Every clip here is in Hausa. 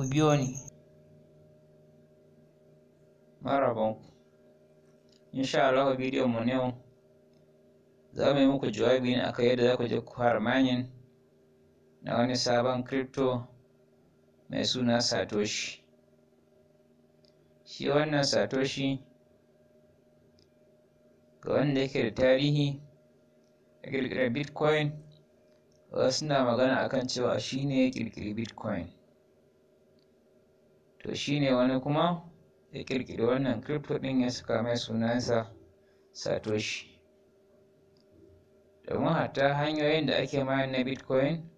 ku biyo ni marhaban insha Allah bidiyon mu na za mu yi muku jawabi ne akan yadda za ku je ku fara mining na wani sabon crypto mai suna Satoshi shi wannan Satoshi ga wanda yake da tarihi ya ƙirƙirar Bitcoin wasu na magana akan cewa shi ne ya ƙirƙiri Bitcoin to shine wani kuma ya kirkiri wannan crypto ɗin ya saka mai sunansa satoshi domin hatta hanyoyin da ake mayan na bitcoin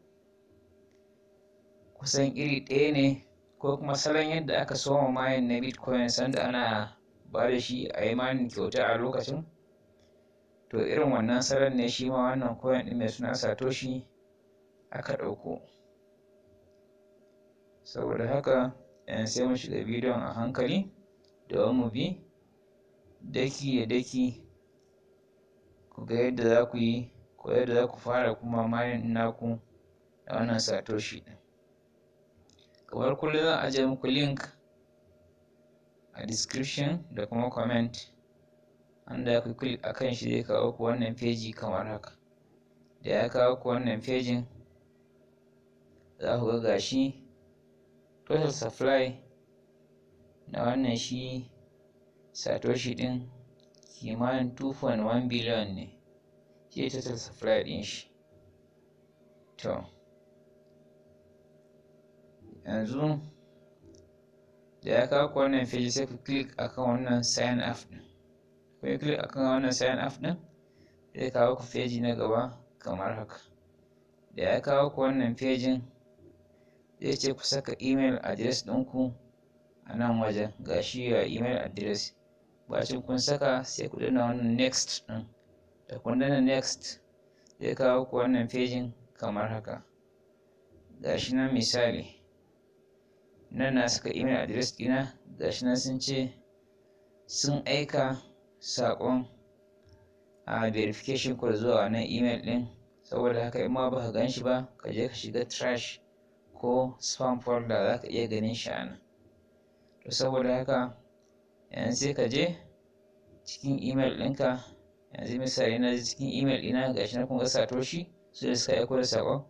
kusan iri ɗaya ne ko kuma salon yadda aka soma mayan na bitcoin sanda ana ba da shi a yi mayan kyauta a lokacin to irin wannan salon ne shi ma wannan coin ɗin mai suna satoshi aka ɗauko saboda haka Eh, sai mu shiga bidiyon a hankali domin mu bi daki da daki ku ga yadda za ku yi ko yadda za ku fara kuma mayan naku da wannan satoshi ɗin kamar kullum zan ajiye muku link a description da kuma comment wanda ku click akan shi zai kawo ku wannan feji kamar haka da ya kawo ku wannan fejin za ku ga gashi total supply na wannan shi satoshi din kimanin 2.1 billion ne shi total supply din shi to yanzu da ya kawo wannan feji sai ku click akan wannan sign up din ku yi click akan wannan sign up din zai kawo ku feji na gaba kamar haka da ya kawo ku wannan fejin zai ce ku saka email address ɗinku a nan wajen ga shi ya email address bacin kun saka sai ku danna wannan next ɗin da kun danna next zai kawo ku wannan fejin kamar haka ga shi nan misali nan na saka email address ɗina ga shi nan sun ce sun aika saƙon a verification code zuwa wannan email ɗin saboda haka in ma baka gan shi ba ka je ka shiga trash ko spam folder za ka iya ganin shi a nan to saboda haka yanzu sai ka je cikin email ɗinka yanzu misali na cikin email ɗina ga shi na kuma satoshi su da suka aiko da Sako,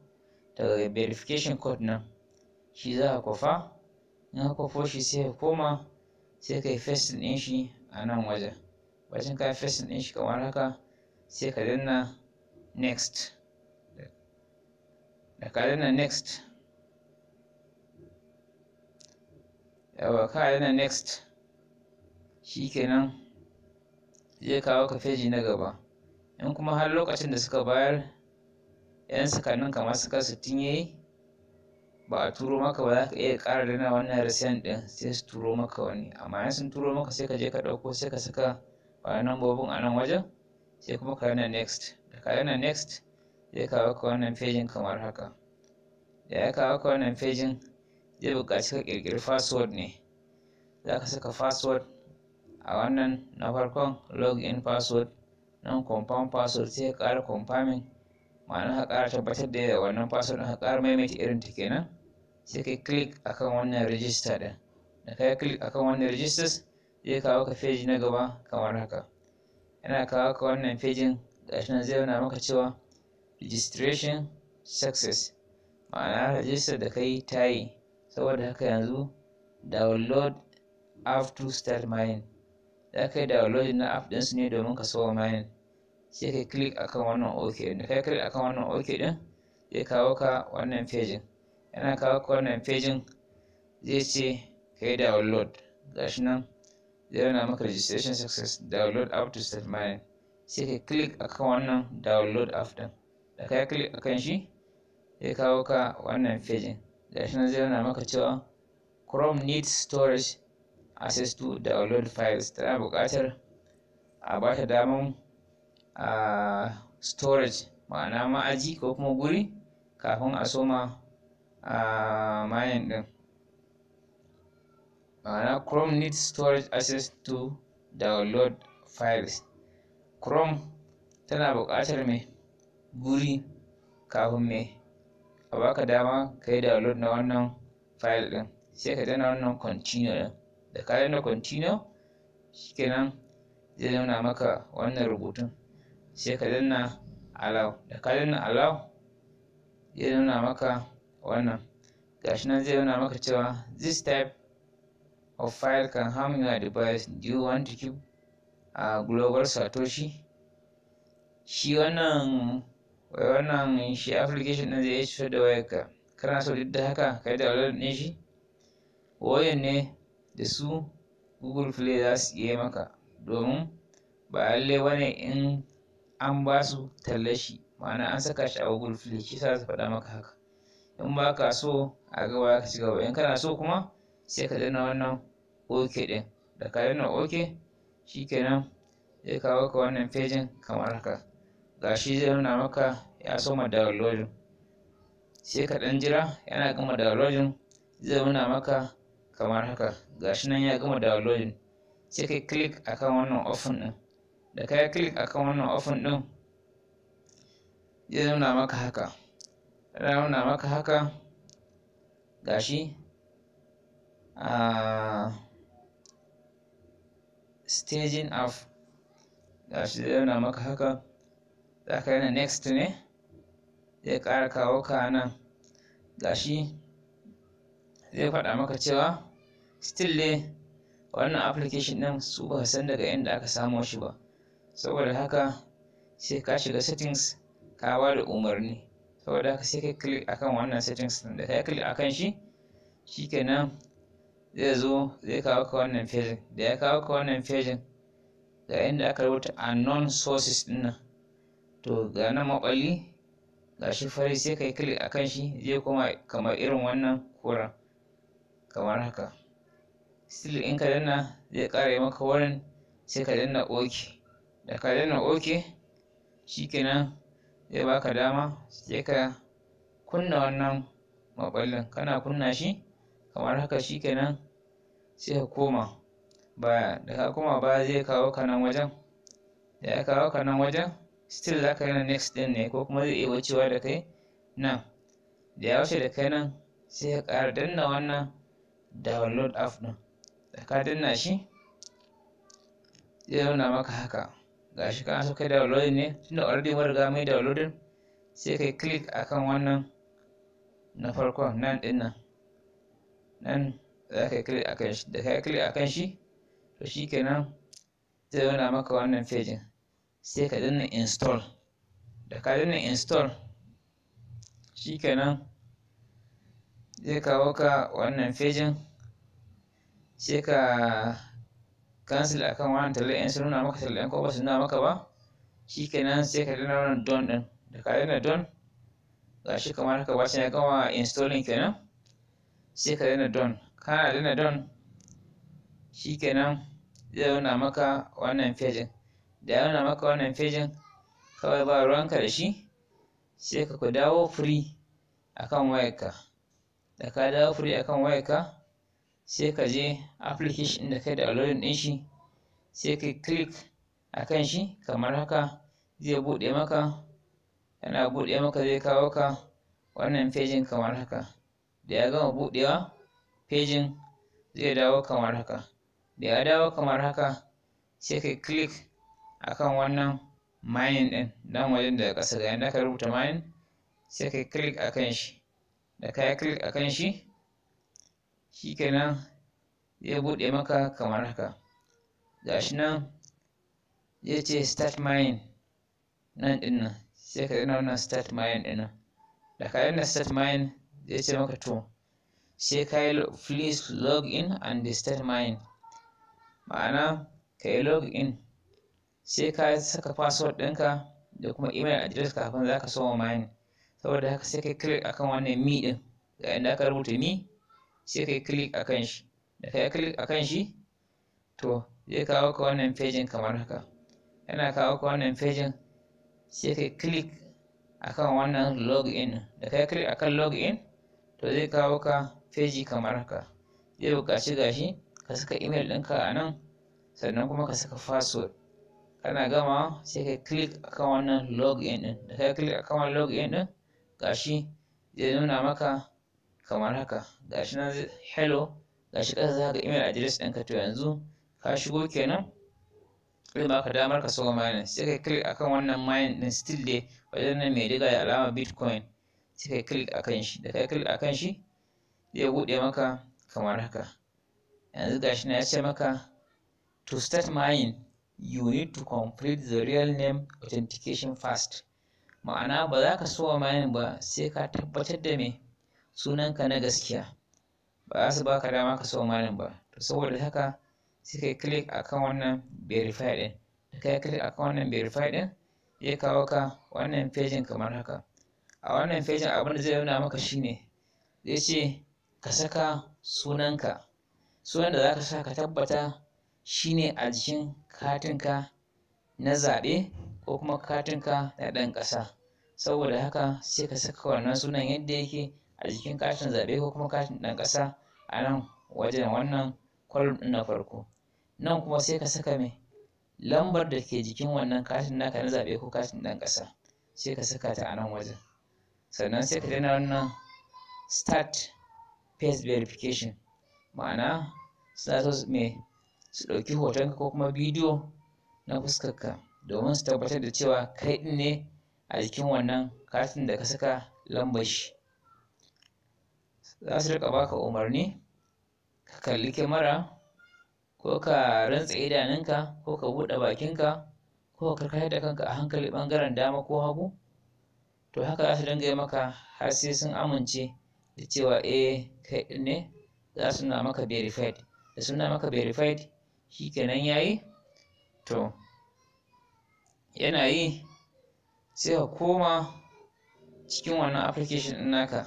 daga verification code nan shi za ka kwafa in ka kwafo shi sai ka koma sai ka yi fesin ɗin shi a nan wajen bacin ka festing ɗin shi kamar haka sai ka danna next da ka danna next yawa ka yana next kenan zai kawo ka feji na gaba in kuma har lokacin da suka bayar yan sakannin kamar suka sittin yayi ba a turo maka ba za ka iya ƙara dana wannan resiyan ɗin sai su turo maka wani amma in sun turo maka sai ka je ka ɗauko sai ka saka bayan bobin a nan wajen sai kuma ka yana next da ka yana next zai kawo ka wannan fejin kamar haka da ya kawo ka wannan fejin zai buƙaci ka ƙirƙiri password ne za ka saka password a wannan na farkon login password nan compound password sai ka ƙara confirming ma'ana ka ƙara tabbatar da wannan password ɗin ka ƙara maimaita irin ta kenan sai ka click akan wannan register ɗin da kai click akan wannan registers zai kawo ka page na gaba kamar haka yana kawo ka wannan pejin gashi nan zai nuna maka cewa registration success ma'ana rajistar da kai ta yi saboda haka yanzu download app to start mining za ka yi download na app din su ne domin ka soma mining sai ka click akan wannan ok da ka click akan wannan ok din zai kawo ka wannan page yana kawo ka wannan page zai ce ka yi download gashi nan zai nuna maka registration success download app to start mining sai ka click akan wannan download app din da ka click akan shi zai kawo ka wannan page gashi nan zai maka cewa chrome needs storage access to download files tana buƙatar a ba ta storage ma'ana ma'aji ko kuma guri kafin a soma a mayan ɗin ma'ana chrome needs storage access to download files chrome tana buƙatar mai guri kafin mai a baka dama ka yi download na wannan file ɗin sai ka danna wannan container ɗin da ka danna continue shikenan zai zauna maka wannan rubutun sai ka danna allow da ka danna allow zai zauna maka wannan gashi nan zai zauna maka cewa this type of file can harm your device do you want to keep a global satoshi shi wannan Wai wannan shi application ɗin zai iya da wayarka kana so duk da haka ka yi download ɗin shi wayan ne da su google play za su iya maka domin ba lallai bane in an ba su tallar shi ma'ana an saka shi a google play shi sa su faɗa maka haka in ba ka so a gaba ka ci gaba in kana so kuma sai ka danna wannan ok ɗin da ka danna ok shikenan zai kawo ka wannan fejin kamar haka gashi zai nuna maka ya soma downloading sai ka ɗan jira yana gama downloading zai nuna maka kamar haka gashi nan ya gama downloading sai kai click akan wannan open ɗin da kai click akan wannan open ɗin zai nuna maka haka yana nuna maka haka gashi a staging of gashi zai nuna maka haka za ka yana next ne zai ƙara kawo ka nan gashi zai faɗa maka cewa still dai wannan application ɗin su ba san daga inda aka samo shi ba saboda haka sai ka shiga settings ka ba da umarni saboda haka sai ka click akan wannan settings ɗin da ka click akan shi shikenan zai zo zai kawo ka wannan page da ya kawo ka wannan page ga inda aka rubuta unknown sources ɗin nan to ga nan maɓalli ga shi fari sai ka yi click a kan shi zai koma kamar irin wannan koren kamar haka still in ka danna zai ƙara maka wurin sai ka danna ok da ka danna ok shikenan zai baka dama sai ka kunna wannan maɓallin kana kunna shi kamar haka shikenan sai ka koma baya da ka koma baya zai kawo ka nan wajen da ya kawo ka nan wajen still za ka na next ɗin ne ko kuma zai iya wucewa da kai nan da ya wuce da kai nan sai ka ƙara danna wannan download app ɗin da ka danna shi zai nuna maka haka ga shi kana so kai download ne tunda already mun riga mai din sai kai click akan wannan na farkon nan ɗin nan nan za ka click akan shi da ka click akan shi to shikenan zai nuna maka wannan fejin sai ka danna install da ka danna install shikenan zai kawo ka wannan fejin sai ka cancel akan wannan tallan yan sun nuna maka tallan ko ba su nuna maka ba shikenan sai ka danna wannan don din da ka danna don gashi kamar haka shi ya gama installing kenan sai ka danna don kana danna don shikenan zai nuna maka wannan fejin da ya nuna maka wannan fejin kawai ba ruwanka da shi sai ka ku dawo a akan wayarka da ka dawo a akan wayarka sai ka je application da kai da downloading din shi sai ka click akan shi kamar haka zai buɗe maka yana buɗe maka zai kawo ka wannan fejin kamar haka da ya gama buɗewa fejin zai dawo kamar haka da ya dawo kamar haka sai ka click akan wannan mining ɗin dan wajen da ƙasa ga yadda ka rubuta mining sai ka click a kan shi da ka yi click a kan shi shi kenan zai buɗe maka kamar haka gashi shi nan zai ce start mining nan ɗin nan sai ka yana wannan start mining ɗin nan da ka yana start mining zai ce maka to sai ka yi please log in and start mining ma'ana ka yi log in sai ka saka password ɗinka da kuma email address kafin za ka soma mining saboda haka sai kai click akan wannan me ɗin ga inda aka rubuta mi sai kai click akan shi da kai click akan shi to zai kawo ka wannan fejin kamar haka yana kawo ka wannan fejin sai kai click akan wannan login da kai click akan login to zai kawo ka feji kamar haka zai buƙaci gashi ka saka email ɗinka a nan sannan kuma ka saka password kana gama sai ka click akan wannan login din da ka click akan wannan login din gashi zai nuna maka kamar haka gashi nan hello gashi ka zaka email address ɗinka to yanzu ka shigo kenan zai baka damar ka soga mining sai ka click akan wannan mining din still dai wajen nan mai diga da alama bitcoin sai ka click akan shi da ka click akan shi zai buɗe maka kamar haka yanzu gashi na ya ce maka to start mining you need to complete the real name authentication first ma'ana ba za ka so mayan ba sai ka tabbatar da me sunanka na gaskiya ba za su baka dama ka so mayan ba to saboda haka sai kai click akan wannan verify din da kai click akan wannan verify din zai kawo ka wannan fejin kamar haka a wannan fejin abin da zai nuna maka shine zai ce ka saka sunanka sunan da za ka sa ka tabbata shine a jikin katinka na zaɓe ko kuma katinka na ɗan ƙasa saboda haka sai ka saka wannan sunan yadda yake a jikin katin zaɓe ko kuma katin ɗan ƙasa a nan wajen wannan kwalm na farko nan kuma sai ka saka mai lambar da ke jikin wannan katin naka na zaɓe ko katin ɗan ƙasa sai ka saka ta a nan wajen sannan sai ka daina wannan start face verification ma'ana status mai su ɗauki hotonka ko kuma bidiyo na fuskarka domin su tabbatar da cewa kai ɗin ne a jikin wannan katin da ka saka lambashi?" shi za su riƙa baka umarni ka kalli kyamara ko ka rantsa idanunka ko ka buɗe bakinka ko ka karkatar da kanka a hankali ɓangaren dama ko hagu to haka za su dinga yi maka har sai sun amince da cewa eh kai ɗin ne za su na maka verified da suna maka verified shi kenan ya to yana yi sai ka koma cikin wannan application din naka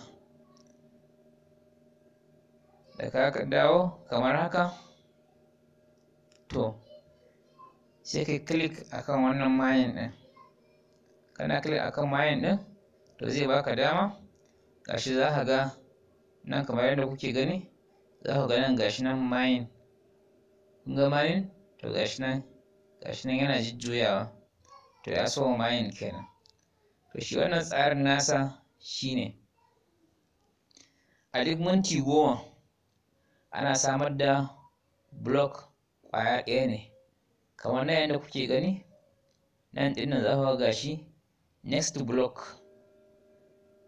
da ka dawo kamar haka to sai ka click akan wannan mayan ɗin kana click akan mayan ɗin to zai baka dama gashi za ka ga nan kamar yadda kuke gani za ka ga nan gashi nan mayan kun ga mayin to gashi nan gashi nan yana jujjuyawa to ya so mayin kenan to shi wannan tsarin nasa shine a duk minti goma ana samar da block ƙwaya ɗaya ne kamar nan yadda kuke gani nan ɗin nan za ku ga shi next block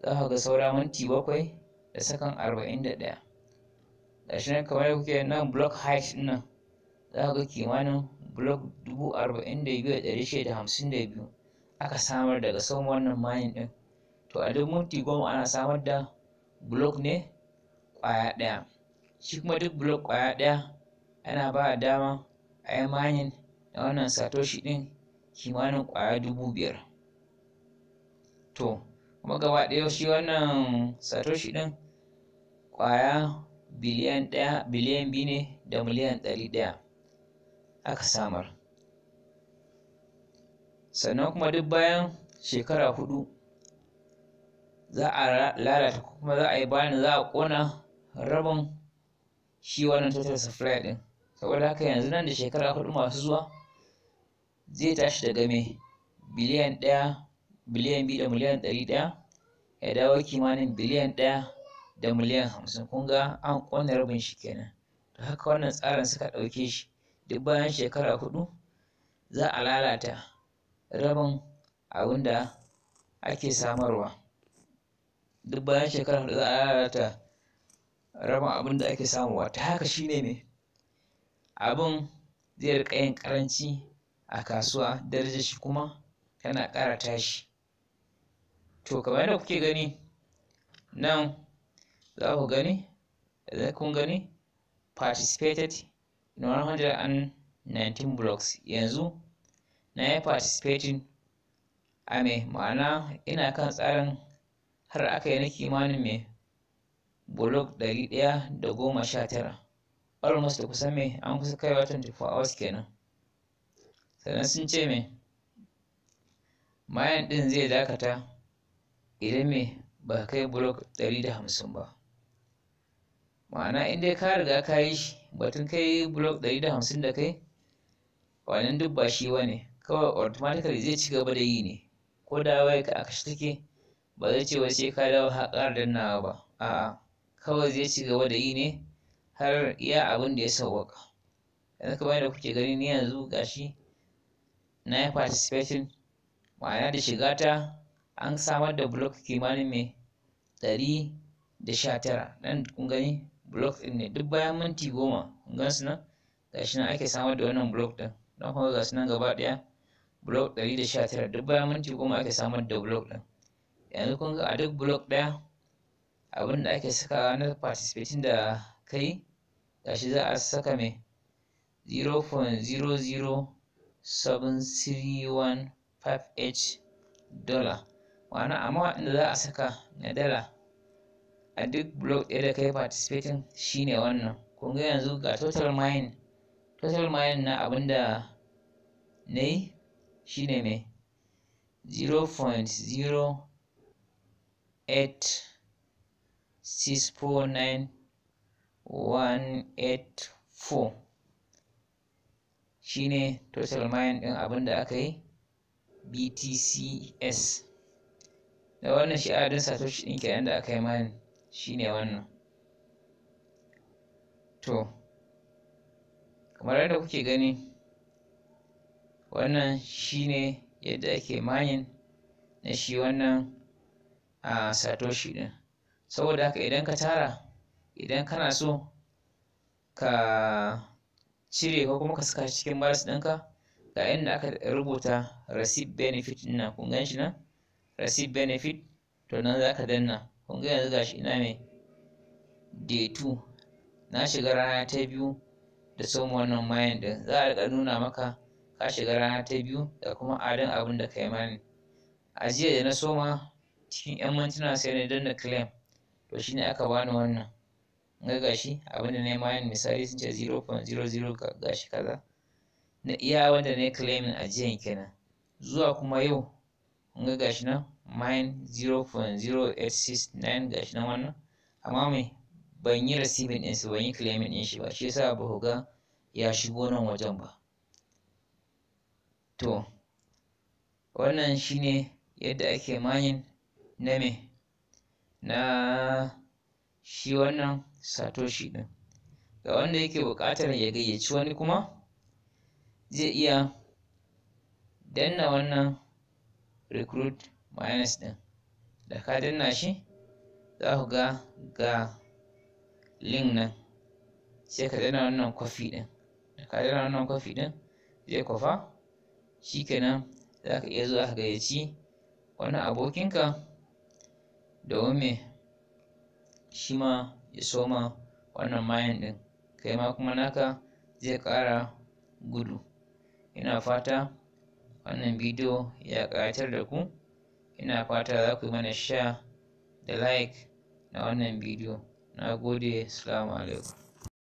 za ku ga saura minti bakwai da sakan arba'in da ɗaya gashi nan kamar kuke nan block height ɗin nan za ga kimanin blok dubu arba'in da biyu da ɗari shida hamsin da biyu aka samar daga saman wannan mayin ɗin to a duk minti goma ana samar da blok ne ƙwaya ɗaya shi kuma duk blok ƙwaya ɗaya ana ba a dama a yi mayin na wannan satoshi ɗin kimanin ƙwaya dubu biyar to kuma gaba ɗaya shi wannan satoshi ɗin ƙwaya biliyan ɗaya biliyan biyu ne da miliyan ɗari ɗaya aka samar sannan kuma duk bayan shekara hudu za a lalata kuma za a yi bayan za a kona rabin shi wannan total supply din saboda haka yanzu nan da shekara hudu masu zuwa zai tashi daga mai biliyan daya biliyan biyu da miliyan ɗari ɗaya ya dawo kimanin biliyan ɗaya da miliyan hamsin kun an kona rabin shi kenan to haka wannan tsarin suka ɗauke shi duk bayan shekara hudu za a lalata rabin abin da ake samarwa duk bayan shekara hudu za a lalata rabin abin da ake samarwa ta haka shine ne abin zai riƙa yin ƙaranci a kasuwa darajar shi kuma tana ƙara tashi to kamar yadda kuke gani nan za ku gani kun gani participated 119 blocks yanzu na yi participating a mai ma'ana ina kan tsarin har aka yi na kimanin mai blog 119 almost da kusan mai an kusa kai wa 24 hours kenan sannan sun ce mai mayan ɗin zai dakata idan mai ba kai blog 150 ba ma'ana in dai ka riga ka yi shi batun kai block 150 da kai wannan duk ba shi wane kawai automatically zai ci gaba da yi ne ko da waye ka aka shirke ba zai ce wace ka dawo har ƙara dannawa ba a'a kawai zai ci gaba da yi ne har iya abin da ya sauwaka yanzu kamar da kuke gani ni yanzu gashi na yi participation ma'ana da shiga ta an samar da block kimanin mai ɗari da sha tara nan kun gani block din ne duk bayan minti goma gan su nan gashi nan ake samar da wannan block din don kuma gasu nan gaba daya block 119 duk bayan minti goma ake samar da block din yanzu kun ga a duk block daya abin da ake saka na participating da kai gashi za a saka mai h dollar ma'ana amma inda za a saka na dala a duk blog ɗaya da kai participating shine wannan kunga ga yanzu ga total mine total mine na abinda na yi shine mai shi shine total mine ɗin abinda aka yi BTCS da wannan shi adadin satoshi ɗin kenan da aka yi mine shine wannan to kamar yadda kuke gani wannan shine yadda ake mayin na shi wannan a satoshi din saboda haka idan ka tara idan kana so ka cire ko kuma ka saka cikin balas ɗinka ga inda aka rubuta receipt benefit ɗin nan kun gan shi nan receipt benefit to nan za ka danna kun ga yanzu gashi ina mai day 2 na shiga rana ta biyu da son wannan mayan din za a nuna maka ka shiga rana ta biyu da kuma adin abin da ka yi mani a jiya da na soma cikin 'yan mantuna sai na danna claim to shine aka bani wannan ga gashi abin da na yi mayan misali sun ce 0.00 gashi kaza na iya wanda na yi claiming a jiyan kenan zuwa kuma yau ga gashi nan mine 0.0869 gashi nan wannan amma mai ban yi receiving din su ban yi claiming din shi ba shi yasa ba ga ya shigo nan wajen ba to wannan shine yadda ake mining na me na shi wannan satoshi din ga wanda yake buƙatar ya gayyaci wani kuma zai iya danna wannan recruit minus ɗin da ka danna shi za ku ga ga link nan sai ka danna wannan kwafi ɗin da ka danna wannan kwafi ɗin zai kwafa shikenan za ka iya zuwa ka gayyaci wani abokinka domin me shi ma ya soma wannan mayan ɗin kai ma kuma naka zai ƙara gudu ina fata wannan bidiyo ya ƙayatar da ku ina fata za ku yi mana sha da like na wannan bidiyo na gode salamu alaikum